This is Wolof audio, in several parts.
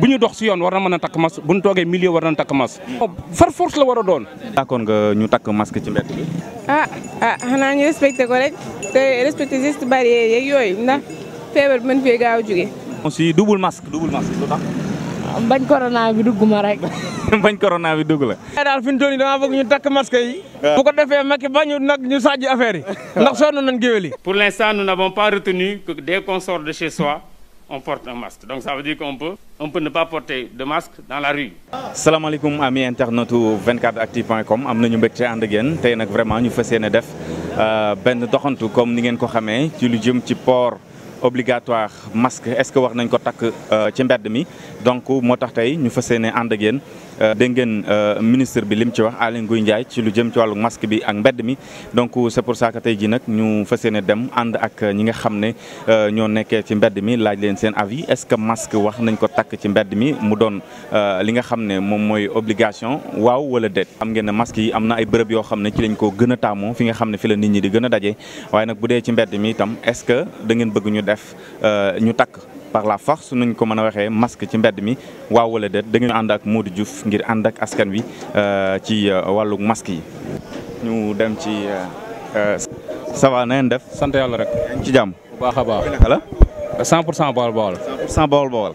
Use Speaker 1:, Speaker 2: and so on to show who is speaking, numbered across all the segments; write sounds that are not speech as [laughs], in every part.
Speaker 1: bu ñu dox si yoon war na mën a takk masque bu ñu toogee milieu war na takk masque. far force la war a doon.
Speaker 2: d'accord nga ñu takk masque ci mbedd bi.
Speaker 1: ah ah xanaa ñu respecté ko rek te respecté geste barrière yooyu ndax feebar bi mën fee gaaw a jóge.
Speaker 2: aussi double masque double masque lu tax.
Speaker 3: bañ corona bi dugg ma rek.
Speaker 1: [laughs] bañ
Speaker 2: corona bi dugg la.
Speaker 1: daal fi mu toll nii damaa bëgg ñu takk masque yi. affaire yi [laughs] ndax sonn nañ géwél yi. pour l' instant nous n'avons pas retenu que dès qu'on sort de chez soi on porte un masque donc ça veut dire qu'on peut on peut ne pas porter
Speaker 2: am nañu mbégte ànd ak tey nag vraiment ñu fas yéene def euh, benn doxantu comme ni ngeen ko xamee ci lu jëm ci port. obligatoire masque est-ce que war nañ ko takk euh, ci mbedd mi donc moo tax tey ñu fa yéene ànd ak Euh, dégg ngeen euh, ministre bi lim ci wax Aly Ngouille Ndiaye ci lu jëm ci wàllu masque bi ak mbedd mi donc c'est pour ça tey jii nag ñu fas yéene dem ànd ak ñi nga xam ne euh, ñoo nekkee ci mbedd mi laaj leen seen avis est-ce que masque wax nañ ko takk ci mbedd mi mu doon li nga xam ne moom mooy obligation waaw wala déet. am ngeen ne masque yi am na ay bërëb yoo xam ne ci lañ koo gën a taamoo fi nga xam ne fi la nit ñi di gën a daje waaye nag bu dee ci mbedd mi itam est-ce que da ngeen bëgg ñu def ñu takk. par la force nuñ ko mën a waxee masque ci mbedd mi waaw wala déet da ngeen ànd ak Modou Diouf ngir ànd ak askan wi euh, ci euh, wàllu mask yi. ñu dem ci euh, ça va na ngeen def. sant yàlla rek. ci jàmm bu baax a baax. naka la. 100 pour cent bool bool. 100 pour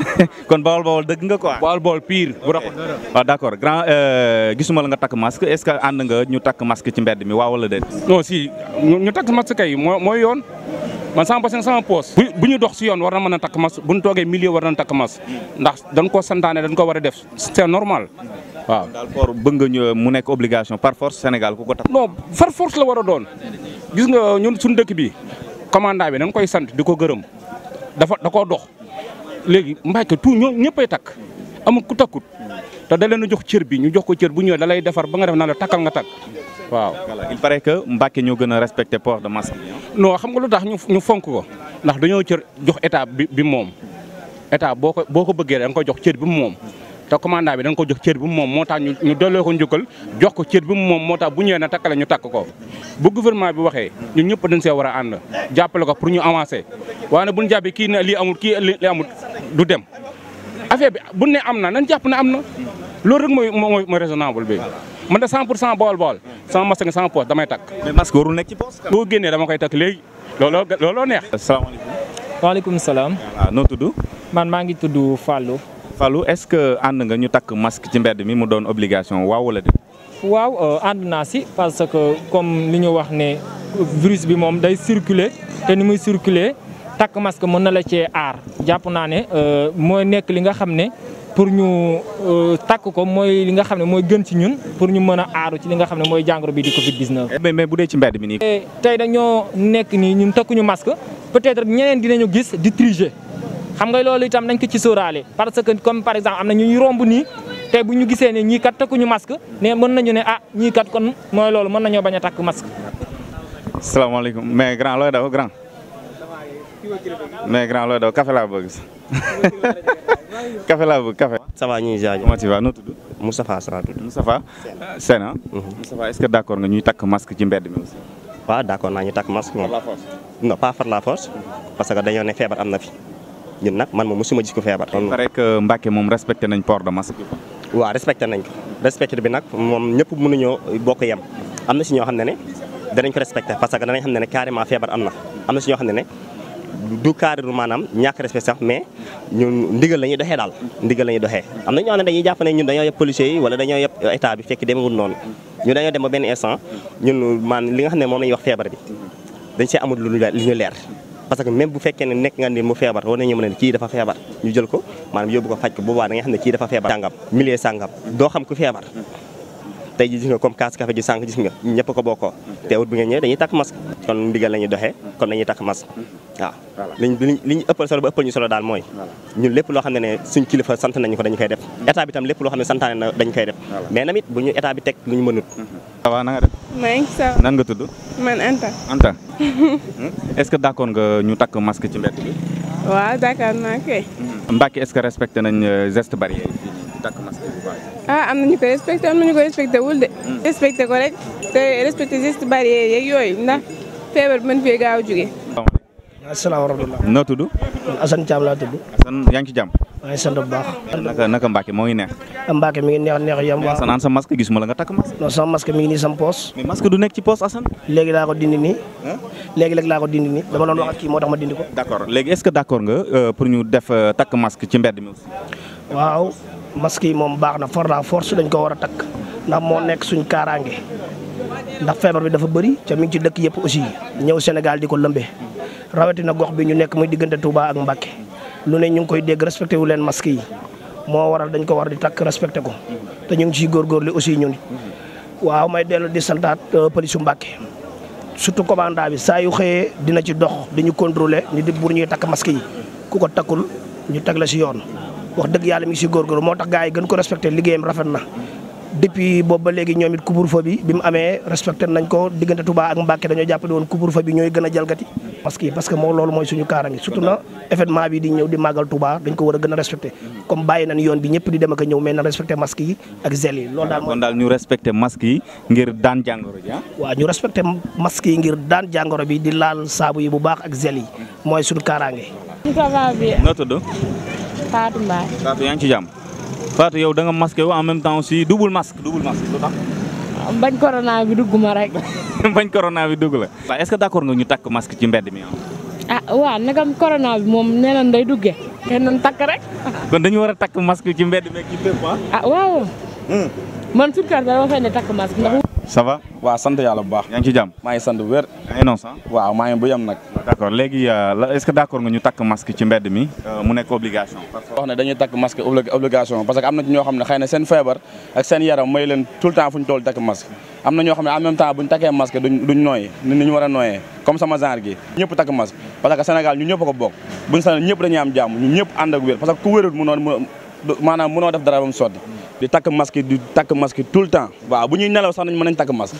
Speaker 2: [laughs] [laughs] kon bawol bawol dëgg nga quoi. bawol bawol pire bu rafet. waaw ah, d' grand euh, gisuma la nga takk masque est ce que ànd nga ñu takk masque ci mbedd mi waaw wala déet. non si ñu takk masque kay
Speaker 1: mooy yoon man sama bassin sama poos bu ñu dox si yoon war na mën a takk masque bu ñu toogee milieu war na takk masque ndax dañ koo santaane dañ ko war a def c' est normal. waaw daal for bëgg nga ñu mu nekk obligation par force Sénégal ku ko tax. non par force la war a doon gis nga ñun suñu dëkk bi commandant bi nañ koy sant di ko gërëm dafa da koo dox léegi Mbacke tu ñoo ñëppay takk amul ku takkut te da leen jox cër bi ñu jox ko cër bu ñëw da lay defar ba nga def na la takkal nga takk waaw. voilà il paraît que Mbacke ñoo gën a respecté port de masque non xam nga lu tax ñu fonk ko ndax dañoo cër jox état bi bi moom état boo ko boo ko bëggee da nga ko jox cër bi moom. te commandant bi da nga ko jox cër bi moom moo tax ñu ñu delloo ko njukkal jox ko cër bi moom moo tax bu ñëwee na takkale ñu takk ko bu gouvernement bi waxee ñu ñëpp dañ see war a ànd jàppale ko pour ñu avancer waaye nag bu ñu jàppee kii na lii amul kii lii amul. du dem affaire bi bu ne am na nañ jàpp ne am na loolu rek mooy mooy mooy raisonnable bi man de 100 pour cent bool bool sama masque nga sama poche damay takk. mais masque warul nekk ci poche. boo génnee dama koy takk
Speaker 2: léegi looloo looloo neex. asalaamaaleykum. waaleykum salaam. waaw noo tudd. man maa ngi tudd fallu Fallou est-ce que ànd nga ñu takk masque ci mbedd mi mu doon obligation waaw wala de
Speaker 1: waaw euh, ànd naa si parce que comme li ñu wax ne virus bi moom day circuler te ni muy circuler. takk masque mën na la cee aar jàpp naa ne euh, mooy nekk li nga xam ne pour ñu euh, takk ko mooy li nga xam ne mooy gën ci ñun pour ñu mën a aaru ci li nga xam ne mooy jàngoro bi di Covid 19. Eh, mais mais bu dee ci mbedd mi nii. Eh, tey dañoo nekk nii ñun takkuñu masque peut-être ñeneen dinañu gis di tricher xam nga loolu itam nañ ko ci sóoraale parce que comme par exemple am na ñu romb nii. tey bu ñu gisee ne ñii kat takkuñu masque ne mën nañu ne ah ñii kat kon mooy loolu mën nañoo bañ a takk masque.
Speaker 2: salaamaaleykum mais grand looy mais grand looy daw café laa bëgg sax café laa bëgg café. ça va ñu ngi jaajëf comment tu vas noo tudd. Moustapha Sala tudd. Moustapha
Speaker 4: Sène ah. Mhm. Moustapha est-ce que d'accord nga ñuy takk masque ci mbedd mi waa waaw d'accord naa ñu takk masque moom. par la force non pas par la force. parce que dañoo am na fi. ñun nag man moom mosuma gis ko feebar. rek Mbacke moom respecté nañ port de masque. waaw respecté nañ ko. respecté bi nag moom ñëpp mënuñoo bokk yem. am na si ñoo xam ne ne danañ ko respecté parce que danañ xam ne ne carrément feebar am na. am na si ñoo xam ne ne du carrément maanaam ñàkk respect sax mais ñun ndigal la ñuy doxee daal ndigal la ñuy doxee am na ñoo xam dañuy jàpp ne ñun dañoo yëpp policiers yi wala dañoo yëpp état bi fekk demewul noonu ñun dañoo dem ba benn instant ñun maan li nga xam ne moom la ñuy wax feebar bi dañ see amul lu ñu leer parce que même bu fekkee ne nekk nga ni mu feebar war nañu mën a ne kii dafa feebar ñu jël ko maanaam yóbbu ko faj ko boobaa da nga xam ne kii dafa feebar sàngam millier sàngam doo xam ku feebar tey ji gis nga comme kaas café ji sànq gis ko bokkoo teewut kon ndigal la ñuy doxee kon waaw liñ li ñu ëppal solo ba ëppal ñu solo daal mooy ñun lépp loo xam ne ne suñ kilifa sant nañu ko dañu koy def mm. état bi tam lépp loo xam ne santaane na dañu koy def mais bu ñu état teg lu mënut waaw mm-hmm. na nga def maa ngi sa nan nga tudd man Anta Anta [laughs]
Speaker 1: hmm?
Speaker 2: est-ce que d'accord nga ñu takk masque ci mbedd bi
Speaker 1: waaw d'accord naa koy
Speaker 2: hmm. Mbacke est-ce que nañ euh, geste barrière yi takk masque bu
Speaker 1: ah, am nañu ko respecté wul de hmm. respecté ko rek te respecté geste barrière yeeg yooyu ndax
Speaker 3: asalaamaaleykum warahmatullah noo tudd. Assane Thiam laa tudd. Assane yaa ngi ci jàmm. maa ngi sant bu baax.
Speaker 2: naka naka Mbacke moo ngi neex.
Speaker 3: Mbacke mi ngi neex neex yam. waaw Assane
Speaker 2: sa masque gisuma la nga takk
Speaker 3: masque. non sama masque mi ngi nii sama poos. mais masque du nekk ci poos Assane. léegi laa ko dindi nii. léegi léegi laa ko dama doon wax ak kii moo tax ma dindi ko. d'
Speaker 2: accord léegi est ce que d' nga euh, pour ñu def euh, takk masque ci
Speaker 3: mbedd mi waaw masque yi moom baax na for la force dañ ko war a takk ndax moo nekk suñ kaaraange ndax feebar bi dafa bëri ca mi ngi ci dëkk yëpp aussi ñëw Sénégal di ko lëmbee rawetina gox bi ñu nekk muy diggante Touba ak Mbacké lu ne ñu ngi koy dégg respecté wu leen masque moo waral dañ ko war di takk respecté ko te ñu ngi ciy góorgóorlu aussi ñun waaw may dellu di santaat euh, polisu Mbacké surtout commandant bi saa yu xëyee dina ci dox diñu contrôler ni di pour ñuy takk maski yi ku ko takkul ñu teg la si yoon wax dëgg yàlla mi ngi si góorgóorlu moo tax gars yi gën ko respecté liggéeyam rafet na depuis boobu ba léegi ñoom it couvre-feu bi bi mu amee respecté nañ ko diggante Touba ak Mbacké dañoo jàppale woon couvre-feu bi ñooy gën a jalgati parce que parce que moo loolu mooy suñu kaarange surtout na événement bi di ñëw di màggal Touba dañ ko war a gën a respecté comme bàyyi nañ yoon bi ñëpp di dem ak a ñëw mais na respecté masque yi ak gel yi loolu daal kon
Speaker 2: daal ñu respecté masque yi ngir daan jàngoro ji ah?
Speaker 3: waaw ñu respecté masque yi ngir daan jàngoro bi di laal saabu yi bu baax ak gel yi mooy suñu kaarange nga tudd Fatou
Speaker 2: yaa ngi ci jàmm Fatou yow danga nga masqué wu en temps aussi double masque double
Speaker 3: bañ corona bi dugg ma rek.
Speaker 2: [laughs] bañ corona bi dugg la. waaw est-ce que nga ñu takk masque ci mbedd mi
Speaker 3: ah waaw nagam corona bi moom nee nañ day duggee kenn nañ takk rek.
Speaker 2: [laughs] kon dañu war a takk masque ci mbedd meeg ci fépp ma ah?
Speaker 3: ah waaw. Hmm. man suñu kër ga ne takk masque
Speaker 2: ça va. waaw sant bu baax. yaa ci jàmm maa ngi wér. yaa ngi bu yem nag. d' accord euh, est que d' nga ñu takk masque ci mbedd mi. Euh, mu nekk obligation. parce que am na ci ne xëy na seen feebar seen yaram may leen tout temps fu ñu
Speaker 1: toll takk masque. am na ñoo ne en même temps bu takkee masque duñ duñ nooyee ni ñu war nooyee comme sama genre gi ñëpp takk masque parce que Sénégal ñu ñëpp ko bokk buñ sañoon ñëpp dañuy am ñu ñëpp ànd wér parce que ku wérul mu maanaam mënoo def dara ba mu sotti di takk masque di takk masque tout le temps waaw bu ñuy nelaw sax nañ mën nañ takk masque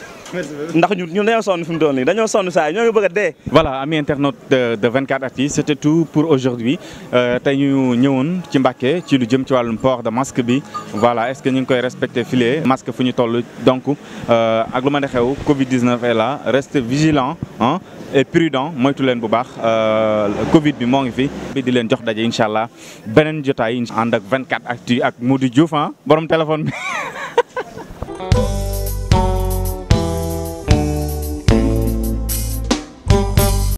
Speaker 1: ndax ñun ñun dañoo sonn fi mu doon nii dañoo sonn saa yi ñoo ngi bëgg a dee.
Speaker 2: voilà amis internautes de de 24 actu c'était tout pour aujourd'hui euh, tey ñu ci Mbacké ci lu jëm ci wàllum port de masque bi voilà est-ce que ñu ngi koy respecté filé masque fu ñu toll donc euh, ak ma ne xew Covid 19 est la reste vigilant ah et prudent moytu leen bu baax euh, Covid bi moo ngi fi. bi di leen jox daje incha allah beneen jotaay ànd ak 24 actu ak Modou Diouf ah borom téléphone bi. [laughs]